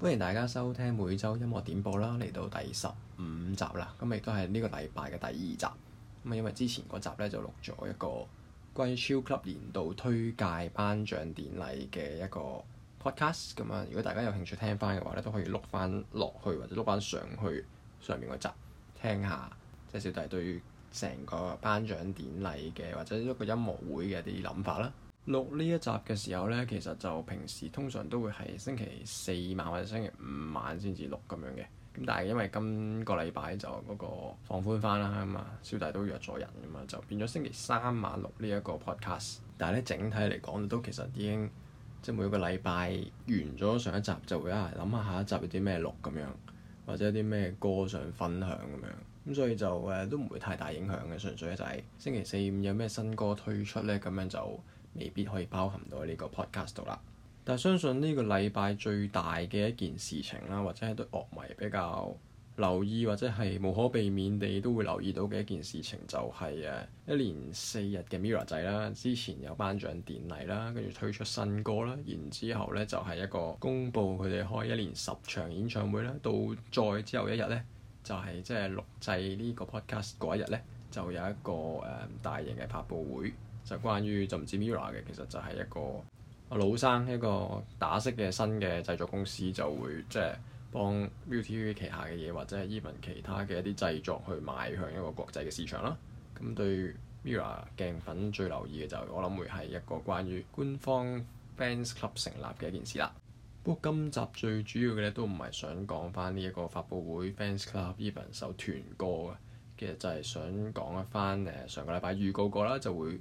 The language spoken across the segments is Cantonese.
歡迎大家收聽每週音樂點播啦，嚟到第十五集啦，咁亦都係呢個禮拜嘅第二集。咁、嗯、啊，因為之前嗰集咧就錄咗一個關於 Chill Club 年度推介頒獎典禮嘅一個 podcast，咁、嗯、啊，如果大家有興趣聽翻嘅話咧，都可以錄翻落去或者錄翻上去上面嗰集聽下，即係小弟對成個頒獎典禮嘅或者一個音樂會嘅一啲諗法啦。錄呢一集嘅時候呢，其實就平時通常都會係星期四晚或者星期五晚先至錄咁樣嘅。咁但係因為今個禮拜就嗰個放寬翻啦嘛，小弟都約咗人噶嘛，就變咗星期三晚錄呢一個 podcast。但係呢，整體嚟講都其實已經即係每一個禮拜完咗上一集就會一齊諗下下一集有啲咩錄咁樣，或者啲咩歌想分享咁樣。咁所以就誒、啊、都唔會太大影響嘅，純粹咧就係星期四、五有咩新歌推出呢？咁樣就。未必可以包含到呢個 podcast 度啦，但係相信呢個禮拜最大嘅一件事情啦，或者係對樂迷比較留意或者係無可避免地都會留意到嘅一件事情、就是，就係誒一連四日嘅 Mirror 仔啦，之前有頒獎典禮啦，跟住推出新歌啦，然之後咧就係一個公布佢哋開一連十場演唱會啦，到再之後一日咧就係即係錄製呢個 podcast 嗰一日咧，就有一個誒大型嘅發佈會。就關於就唔知 Mirror 嘅，其實就係一個老生一個打式嘅新嘅製作公司，就會即係幫 ViuTV 旗下嘅嘢，或者係 even 其他嘅一啲製作去邁向一個國際嘅市場啦。咁對 Mirror 鏡粉最留意嘅就係、是、我諗會係一個關於官方 fans club 成立嘅一件事啦。不過今集最主要嘅咧都唔係想講返呢一個發佈會 fans club，even 首團歌嘅，其實就係想講一翻誒上個禮拜預告過啦，就會。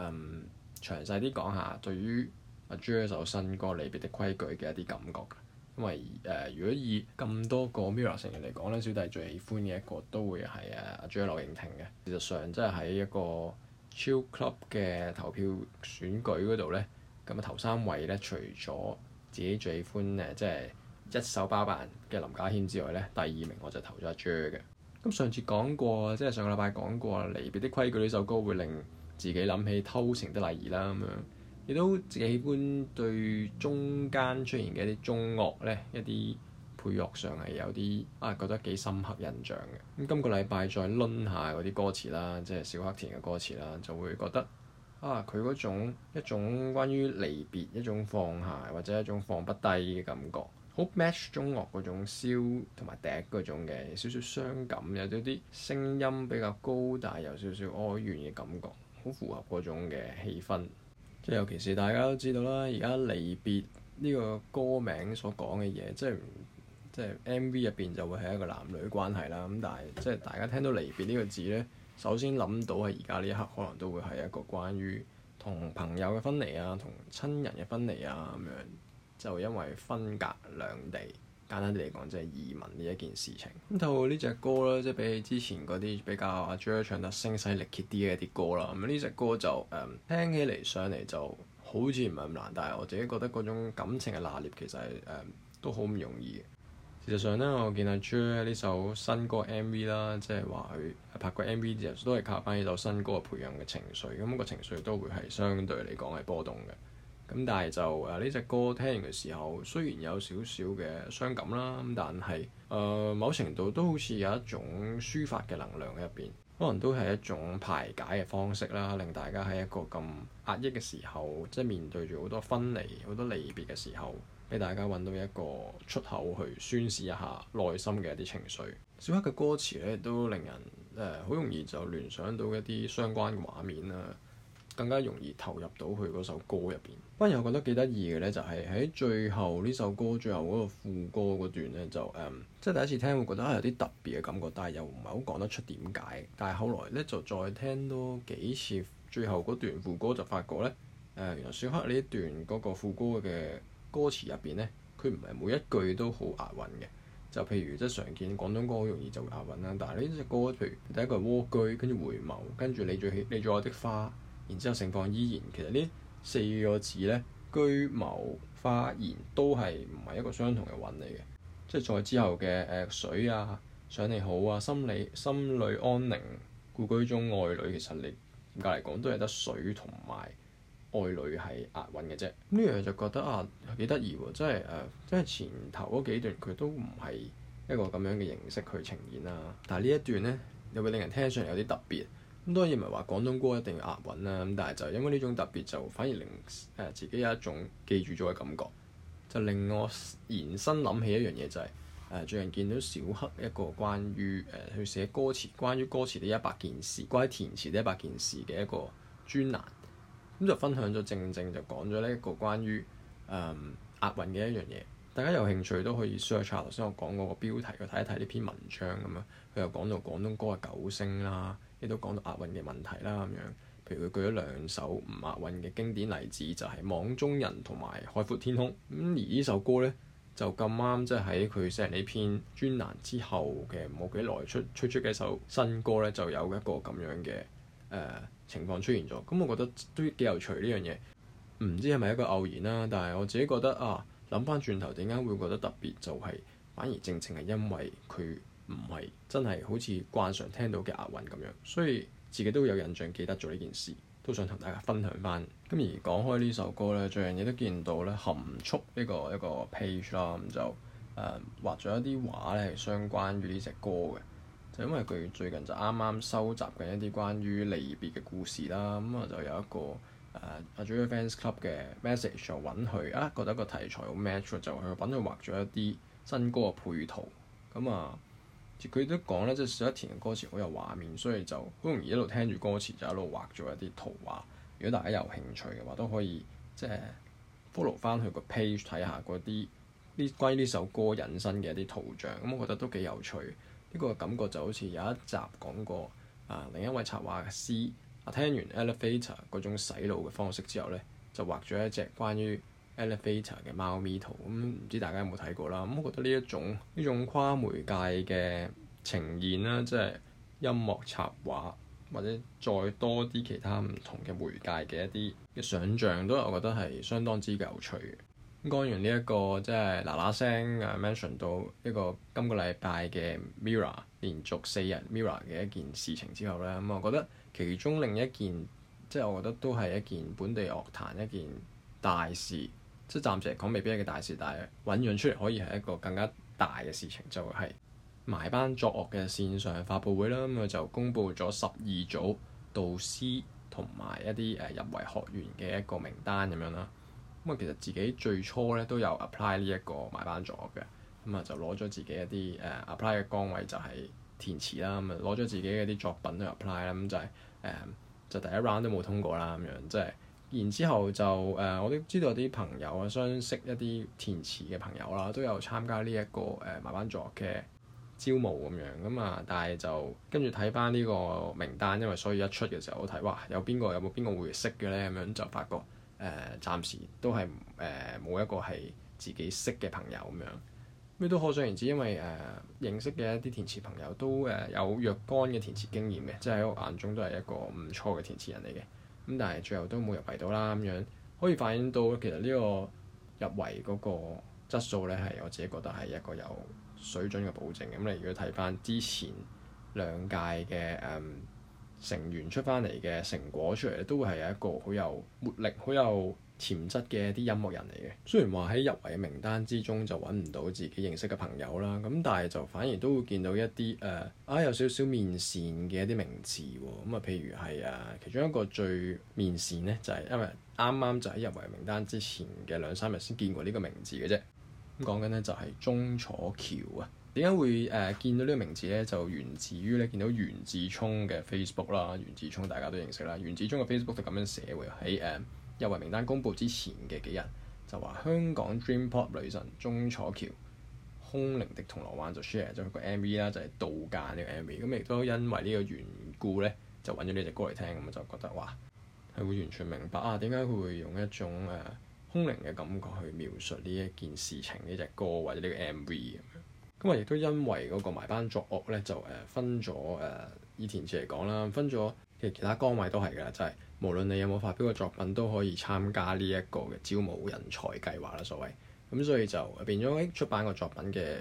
嗯，詳細啲講下，對於阿 Jer 一首新歌《離別的規矩》嘅一啲感覺。因為誒、呃，如果以咁多個 Mirror 成員嚟講呢，小弟最喜歡嘅一個都會係誒阿 Jer、er、劉迎婷嘅。事實上，即係喺一個 Chill Club 嘅投票選舉嗰度呢。咁啊頭三位呢，除咗自己最喜歡誒，即係一手包辦嘅林家謙之外呢，第二名我就投咗阿 Jer 嘅。咁上次講過，即係上個禮拜講過，《離別的規矩》呢首歌會令。自己諗起偷情的禮儀啦，咁樣亦都自己喜歡對中間出現嘅一啲中樂咧，一啲配樂上係有啲啊覺得幾深刻印象嘅。咁、嗯、今個禮拜再攆下嗰啲歌詞啦、啊，即係小克填嘅歌詞啦，就會覺得啊佢嗰種一種關於離別一種放下或者一種放不低嘅感覺，好 match 中樂嗰種簫同埋笛嗰種嘅少少傷感，有咗啲聲音比較高，但係有少少哀怨嘅感覺。符合嗰種嘅氣氛，即係尤其是大家都知道啦。而家離別呢個歌名所講嘅嘢，即係即係 MV 入邊就會係一個男女關係啦。咁但係即係大家聽到離別呢個字呢，首先諗到係而家呢一刻可能都會係一個關於同朋友嘅分離啊，同親人嘅分離啊咁樣，就因為分隔兩地。簡單啲嚟講，即係移民呢一件事情。咁套呢隻歌啦，即係比起之前嗰啲比較 Jer 唱得聲嘶力竭啲嘅一啲歌啦。咁呢隻歌就誒、嗯、聽起嚟上嚟就好似唔係咁難，但係我自己覺得嗰種感情嘅拿捏其實係誒、嗯、都好唔容易。事實上咧，我見阿 Jer 呢首新歌 MV 啦，即係話佢拍個 MV 都係靠翻呢首新歌嘅培養嘅情緒，咁、嗯、那個情緒都會係相對嚟講係波動嘅。咁但係就誒，呢隻歌聽完嘅時候，雖然有少少嘅傷感啦，但係誒、呃、某程度都好似有一種抒發嘅能量喺入邊，可能都係一種排解嘅方式啦，令大家喺一個咁壓抑嘅時候，即係面對住好多分離、好多離別嘅時候，俾大家揾到一個出口去宣洩一下內心嘅一啲情緒。小克嘅歌詞咧，都令人誒好、呃、容易就聯想到一啲相關嘅畫面啦。更加容易投入到佢嗰首歌入邊。不過，又覺得幾得意嘅咧，就係喺最後呢首歌最後嗰個副歌嗰段咧，就誒、嗯、即係第一次聽會覺得有啲特別嘅感覺，但係又唔係好講得出點解。但係後來咧就再聽多幾次，最後嗰段副歌就發覺咧誒、呃，原來小克呢一段嗰個副歌嘅歌詞入邊咧，佢唔係每一句都好押韻嘅。就譬如即係常見廣東歌好容易就會押韻啦，但係呢隻歌譬如第一句係《蝸居》，跟住回眸，跟住你最喜你最愛的花。然之後情況依然，其實呢四個字呢，居、謀、花、言都係唔係一個相同嘅韻嚟嘅，即係再之後嘅誒、呃、水啊，想你好啊，心裏心裏安寧，故居中愛女其實你嚴格嚟講都係得水同埋愛女係押韻嘅啫，呢樣就覺得啊幾得意喎，即係誒即係前頭嗰幾段佢都唔係一個咁樣嘅形式去呈現啊，但係呢一段呢，又會令人聽上嚟有啲特別。咁多人唔係話廣東歌一定要押韻啦，咁但係就因為呢種特別，就反而令誒自己有一種記住咗嘅感覺，就令我延伸諗起一樣嘢，就係、是、誒最近見到小克一個關於誒去、呃、寫歌詞、關於歌詞呢一百件事、關於填詞呢一百件事嘅一個專欄，咁就分享咗正正就講咗呢一個關於、嗯、押韻嘅一樣嘢。大家有興趣都可以 search 下 h 先，我講嗰個標題去睇一睇呢篇文章咁樣。佢又講到廣東歌嘅九星啦，亦都講到押韻嘅問題啦咁樣。譬如佢舉咗兩首唔押韻嘅經典例子，就係、是《網中人》同埋《海闊天空》。咁而呢首歌呢，就咁啱即係喺佢寫完呢篇專欄之後嘅冇幾耐出推出嘅一首新歌呢，就有一個咁樣嘅誒、呃、情況出現咗。咁我覺得都幾有趣呢樣嘢。唔知係咪一個偶然啦？但係我自己覺得啊～諗返轉頭，點解會覺得特別？就係、是、反而正正係因為佢唔係真係好似慣常聽到嘅押韻咁樣，所以自己都有印象記得做呢件事，都想同大家分享翻。咁、嗯、而講開呢首歌呢，最近亦都見到呢，含蓄一、呢個一、呢個 page 啦，咁就誒、呃、畫咗一啲畫呢，係相關於呢隻歌嘅，就因為佢最近就啱啱收集緊一啲關於離別嘅故事啦，咁啊就有一個。誒阿、uh, Jer Fans Club 嘅 message 就揾佢啊，覺得個題材好 match，就去揾佢畫咗一啲新歌嘅配圖。咁啊，佢都講咧，即係小克填嘅歌詞好有畫面，所以就好容易一路聽住歌詞就一路畫咗一啲圖畫。如果大家有興趣嘅話，都可以即係 follow 翻佢個 page 睇下嗰啲啲關於呢首歌引申嘅一啲圖像。咁我覺得都幾有趣。呢、呢個感覺就好似有一集講過啊，另一位插畫師。啊、聽完 elevator 嗰種洗腦嘅方式之後呢就畫咗一隻關於 elevator 嘅貓咪圖。咁、嗯、唔知大家有冇睇過啦？咁、嗯、我覺得呢一種呢種跨媒介嘅呈現啦，即係音樂插畫或者再多啲其他唔同嘅媒介嘅一啲嘅想像，都係我覺得係相當之有趣嘅。講完呢、這、一個即係嗱嗱聲啊 mention 到一個今個禮拜嘅 Mirror 連續四日 Mirror 嘅一件事情之後咧，咁我覺得其中另一件即係我覺得都係一件本地樂壇一件大事，即係暫時嚟講未必係一個大事，但係醖釀出嚟可以係一個更加大嘅事情，就係、是、埋班作樂嘅線上發佈會啦。咁就公布咗十二組導師，同埋一啲誒入圍學員嘅一個名單咁樣啦。咁啊，其實自己最初咧都有 apply 呢一個埋班作樂嘅，咁、嗯、啊就攞咗自己一啲誒、uh, apply 嘅崗位就係填詞啦，咁啊攞咗自己一啲作品都 apply 啦、嗯，咁就係、是、誒、um, 就第一 round 都冇通過啦，咁樣即係然之後就誒、uh, 我都知道啲朋友啊，相識一啲填詞嘅朋友啦，都有參加呢、這、一個誒埋、uh, 班作樂嘅招募咁樣咁啊，但係就跟住睇翻呢個名單，因為所以一出嘅時候我睇哇有邊個有冇邊個會識嘅咧，咁樣就發覺。誒、呃、暫時都係誒冇一個係自己識嘅朋友咁樣，咁亦都可想而知，因為誒、呃、認識嘅一啲填詞朋友都誒有若干嘅填詞經驗嘅，即係喺我眼中都係一個唔錯嘅填詞人嚟嘅。咁但係最後都冇入圍到啦咁樣，可以反映到其實呢個入圍嗰個質素咧，係我自己覺得係一個有水準嘅保證。咁、嗯、你如果睇翻之前兩屆嘅誒。嗯成員出翻嚟嘅成果出嚟咧，都會係一個好有活力、好有潛質嘅一啲音樂人嚟嘅。雖然話喺入圍名單之中就揾唔到自己認識嘅朋友啦，咁但係就反而都會見到一啲誒、呃、啊有少少面善嘅一啲名字喎。咁、呃、啊，譬如係啊，其中一個最面善呢、就係，就係因為啱啱就喺入圍名單之前嘅兩三日先見過呢個名字嘅啫。咁講緊呢，就係鐘楚橋啊。點解會誒、呃、見到呢個名字咧？就源自於咧，見到袁志聰嘅 Facebook 啦。袁志聰大家都認識啦。袁志聰嘅 Facebook 就咁樣寫喎，喺誒、呃、入圍名單公佈之前嘅幾日就話香港 Dream Pop 女神鍾楚橋空靈的銅鑼灣就 share 咗個 M V 啦，就係度假呢個 M V。咁亦都因為呢個緣故咧，就揾咗呢隻歌嚟聽，咁就覺得哇，係會完全明白啊，點解佢會用一種誒、呃、空靈嘅感覺去描述呢一件事情，呢隻歌或者呢個 M V 咁啊，亦都因為嗰個埋班作樂咧，就誒分咗誒以填詞嚟講啦，分咗其實其他崗位都係㗎，就係無論你有冇發表嘅作品，都可以參加呢一個嘅招募人才計劃啦，所謂。咁所以就變咗，一出版一個作品嘅，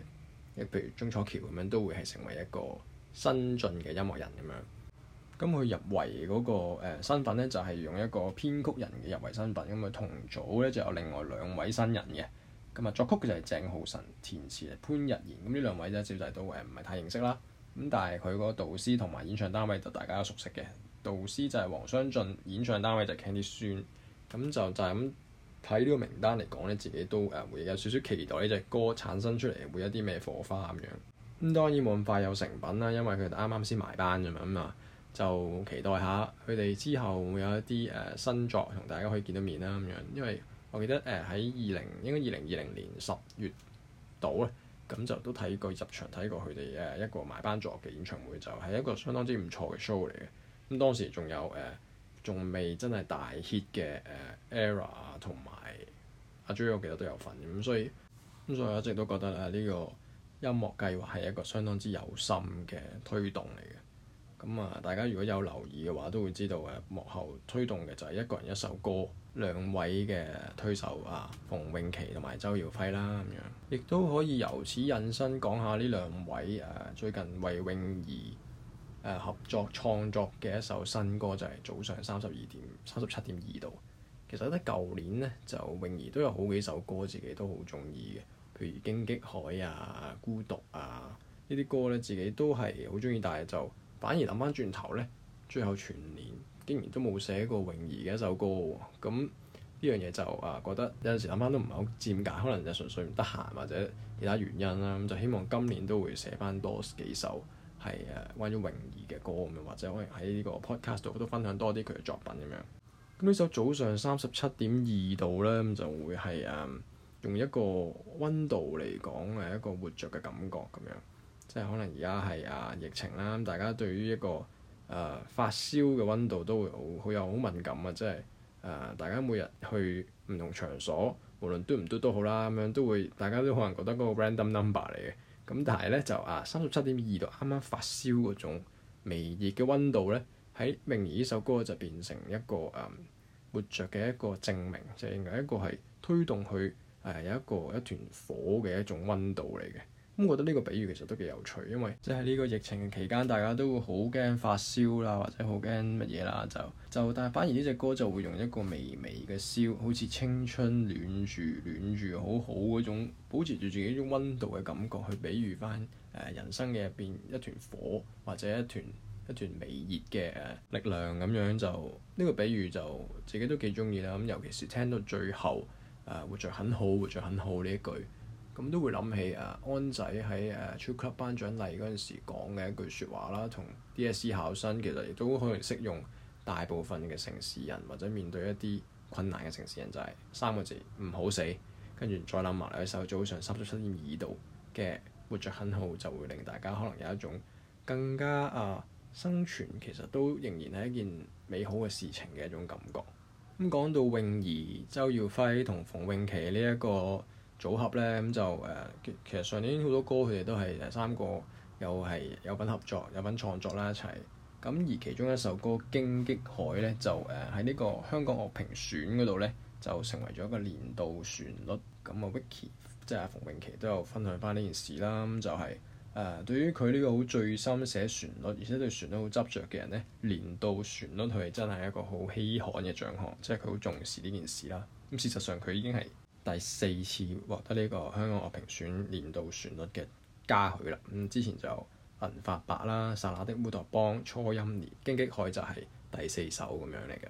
譬如鐘楚橋咁樣，都會係成為一個新晉嘅音樂人咁樣。咁佢入圍嗰個身份咧，就係用一個編曲人嘅入圍身份。咁啊，同組咧就有另外兩位新人嘅。咁啊，作曲嘅就係鄭浩晨，填詞係潘日賢，咁呢兩位咧，小弟都誒唔係太認識啦。咁但係佢個導師同埋演唱單位就大家都熟悉嘅，導師就係黃雙進，演唱單位就係 Kenny 孫。咁就就係咁睇呢個名單嚟講咧，自己都誒、呃、會有少少期待呢隻歌產生出嚟會有一啲咩火花咁樣。咁、嗯、當然冇咁快有成品啦，因為佢哋啱啱先埋單啫嘛，咁啊就期待下佢哋之後會有一啲誒、呃、新作同大家可以見到面啦咁樣，因為。我記得誒喺二零應該二零二零年十月度咧，咁就都睇過入場，睇過佢哋誒一個埋班作樂嘅演唱會，就係、是、一個相當之唔錯嘅 show 嚟嘅。咁當時仲有誒，仲、呃、未真係大 hit 嘅、呃、era 同埋阿 Jer，我記得都有份咁，所以咁所以我一直都覺得啊，呢個音樂計劃係一個相當之有心嘅推動嚟嘅。咁啊，大家如果有留意嘅話，都會知道誒、啊、幕後推動嘅就係一個人一首歌。兩位嘅推手啊，馮穎琪同埋周耀輝啦，咁樣亦都可以由此引申講下呢兩位誒、啊、最近為泳兒誒合作創作嘅一首新歌，就係、是、早上三十二點三十七點二度。其實咧，舊年呢，就泳兒都有好幾首歌自己都好中意嘅，譬如《荊棘海》啊，《孤獨》啊呢啲歌咧自己都係好中意，但係就反而諗翻轉頭咧，最後全年，竟然都冇寫過泳兒嘅一首歌喎，咁呢樣嘢就啊覺得有陣時諗翻都唔係好賤格，可能就純粹唔得閒或者其他原因啦。咁就希望今年都會寫翻多幾首係誒關於泳兒嘅歌咁，或者可能喺呢個 podcast 度都分享多啲佢嘅作品咁樣。咁呢首早上三十七點二度咧，咁就會係誒、啊、用一個温度嚟講係一個活著嘅感覺咁樣，即係可能而家係啊疫情啦，咁大家對於一個誒、呃、發燒嘅温度都會好好有好敏感啊！即係誒、呃、大家每日去唔同場所，無論嘟唔嘟都好啦，咁樣都會大家都可能覺得嗰個 random number 嚟嘅。咁但係咧就啊，三十七點二度啱啱發燒嗰種微熱嘅温度咧，喺泳兒呢首歌就變成一個誒活着嘅一個證明，就認、是、為一個係推動佢，誒、呃、有一個一團火嘅一種温度嚟嘅。咁覺得呢個比喻其實都幾有趣，因為即係呢個疫情期間，大家都會好驚發燒啦，或者好驚乜嘢啦，就就但係反而呢隻歌就會用一個微微嘅燒，好似青春暖住暖住好好嗰種，保持住自己一種温度嘅感覺去比喻翻、呃、人生嘅入邊一團火或者一團一團微熱嘅力量咁樣就呢、這個比喻就自己都幾中意啦。咁尤其是聽到最後、呃、活著很好活著很好呢一句。咁都會諗起啊 On 仔喺誒 Chill Club 頒獎禮嗰陣時講嘅一句説話啦，同 DSE 考生其實亦都可能適用大部分嘅城市人或者面對一啲困難嘅城市人，就係、是、三個字唔好死，跟住再諗埋喺手，早上三十七點二度嘅活着很好，就會令大家可能有一種更加啊生存其實都仍然係一件美好嘅事情嘅一種感覺。咁、嗯、講到泳兒、周耀輝同馮穎琪呢一個。組合咧，咁就誒、呃，其實上年好多歌佢哋都係誒三個，又係有份合作、有份創作啦，一齊。咁而其中一首歌《荊棘海》咧，就誒喺呢個香港樂評選嗰度咧，就成為咗一個年度旋律。咁啊 Vicky 即係阿馮穎琪都有分享翻呢件事啦。咁就係、是、誒、呃，對於佢呢個好醉心寫旋律，而且對旋律好執着嘅人咧，年度旋律佢係真係一個好稀罕嘅獎項，即係佢好重視呢件事啦。咁事實上佢已經係。第四次獲得呢個香港樂評選年度旋律嘅嘉許啦。咁之前就銀發白啦、薩拉的烏托邦、初音年、荊棘海就係第四首咁樣嚟嘅。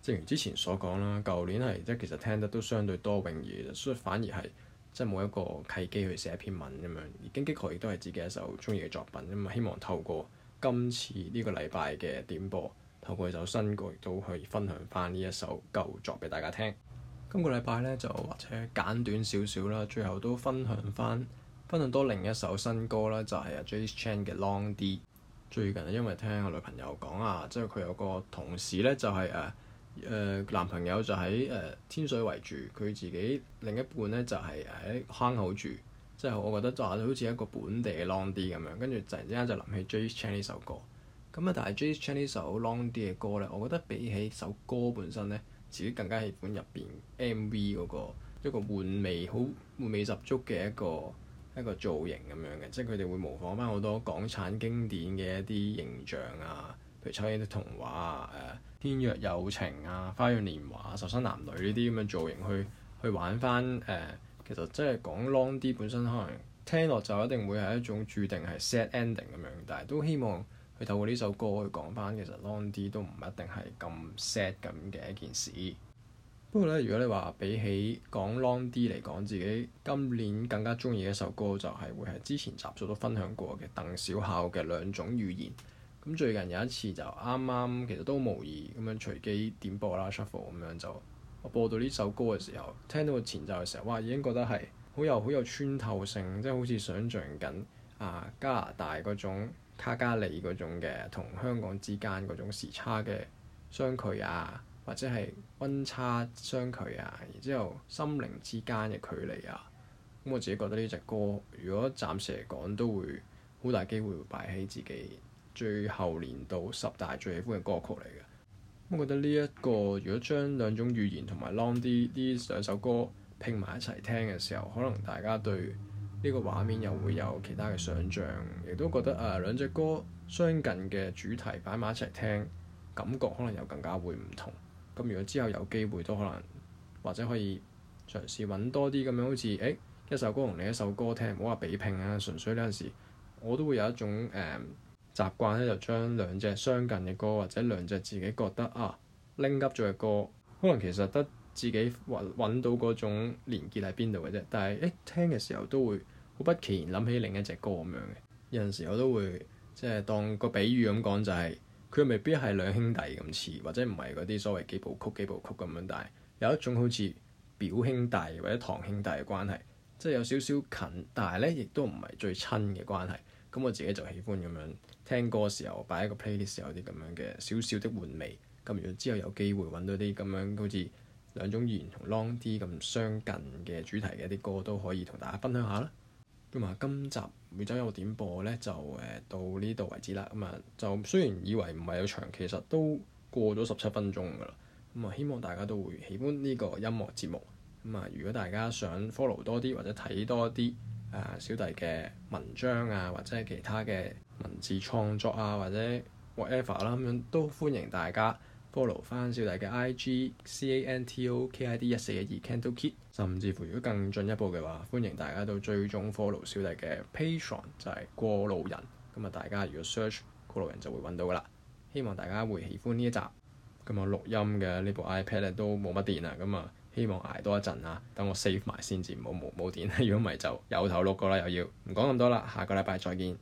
正如之前所講啦，舊年係即係其實聽得都相對多，泳兒所以反而係即係冇一個契機去寫一篇文咁樣。而荊棘海亦都係自己一首中意嘅作品咁啊，希望透過今次呢個禮拜嘅點播，透過一首新歌亦都可以分享翻呢一首舊作俾大家聽。今個禮拜咧就或者簡短少少啦，最後都分享翻分享多另一首新歌啦，就係、是、啊 Jace Chan 嘅 Long D。最近因為聽我女朋友講啊，即係佢有個同事咧，就係誒誒男朋友就喺誒、呃、天水圍住，佢自己另一半咧就係、是、喺坑口住，即、就、係、是、我覺得就好似一個本地嘅 Long D 咁樣，跟住突然之間就諗起 Jace Chan 呢首歌。咁啊，但係 Jace Chan 呢首 Long D 嘅歌咧，我覺得比起首歌本身咧。自己更加喜歡入邊 M.V. 嗰、那個一個玩味好玩味十足嘅一個一個造型咁樣嘅，即係佢哋會模仿翻好多港產經典嘅一啲形象啊，譬如《秋天的童話、啊》啊、誒《天若有情》啊，《花樣年華、啊》、《瘦身男女》呢啲咁樣造型去去玩翻誒、啊，其實即係講 Long D 本身可能聽落就一定會係一種注定係 sad ending 咁樣，但係都希望。去透過呢首歌去講返，其實 Long D 都唔一定係咁 sad 咁嘅一件事。不過呢，如果你話比起講 Long D 嚟講，自己今年更加鍾意嘅一首歌就係會係之前集數都分享過嘅鄧小巧嘅兩種語言。咁最近有一次就啱啱，其實都無意咁樣隨機點播啦，shuffle 咁樣就我播到呢首歌嘅時候，聽到個前奏嘅時候，哇已經覺得係好有好有穿透性，即係好似想像緊啊加拿大嗰種。卡加利嗰種嘅同香港之間嗰種時差嘅相距啊，或者係溫差相距啊，然之後心靈之間嘅距離啊，咁我自己覺得呢隻歌，如果暫時嚟講都會好大機會會擺喺自己最後年度十大最喜歡嘅歌曲嚟嘅。咁我覺得呢一個如果將兩種語言同埋 Long D 呢兩首歌拼埋一齊聽嘅時候，可能大家對。呢個畫面又會有其他嘅想像，亦都覺得誒兩隻歌相近嘅主題擺埋一齊聽，感覺可能又更加會唔同。咁如果之後有機會都可能，或者可以嘗試揾多啲咁樣，好似誒一首歌同另一首歌聽，唔好話比拼啊，純粹呢陣時我都會有一種誒習慣咧，就將兩隻相近嘅歌或者兩隻自己覺得啊拎急咗嘅歌，可能其實得自己揾到嗰種連結喺邊度嘅啫。但係誒聽嘅時候都會。好不期然諗起另一隻歌咁樣嘅。有陣時我都會即係、就是、當個比喻咁講，就係、是、佢未必係兩兄弟咁似，或者唔係嗰啲所謂幾部曲幾部曲咁樣，但係有一種好似表兄弟或者堂兄弟嘅關係，即係有少少近，但係呢亦都唔係最親嘅關係。咁我自己就喜歡咁樣聽歌嘅時候擺一個 playlist 嘅時候，有啲咁樣嘅少少的玩味。咁如果之後有機會揾到啲咁樣好似兩種語言同 Long D 啲咁相近嘅主題嘅啲歌，都可以同大家分享下啦。咁啊，今集每周有點播咧，就誒到呢度為止啦。咁啊，就雖然以為唔係有長，其實都過咗十七分鐘㗎啦。咁啊，希望大家都會喜歡呢個音樂節目。咁啊，如果大家想 follow 多啲或者睇多啲啊，小弟嘅文章啊，或者係其他嘅文字創作啊，或者 whatever 啦，咁樣都歡迎大家 follow 翻小弟嘅 I G C A N T O K I D 一四一二 Cantokid。甚至乎如果更進一步嘅話，歡迎大家都追蹤 follow 小弟嘅 Patreon 就係過路人。咁啊，大家如果 search 過路人就會揾到噶啦。希望大家會喜歡呢一集。咁啊，錄音嘅呢部 iPad 咧都冇乜電啦。咁啊，希望捱多一陣啊，等我 save 埋先至冇冇冇電啦。如果唔係就由頭錄過啦，又要唔講咁多啦。下個禮拜再見。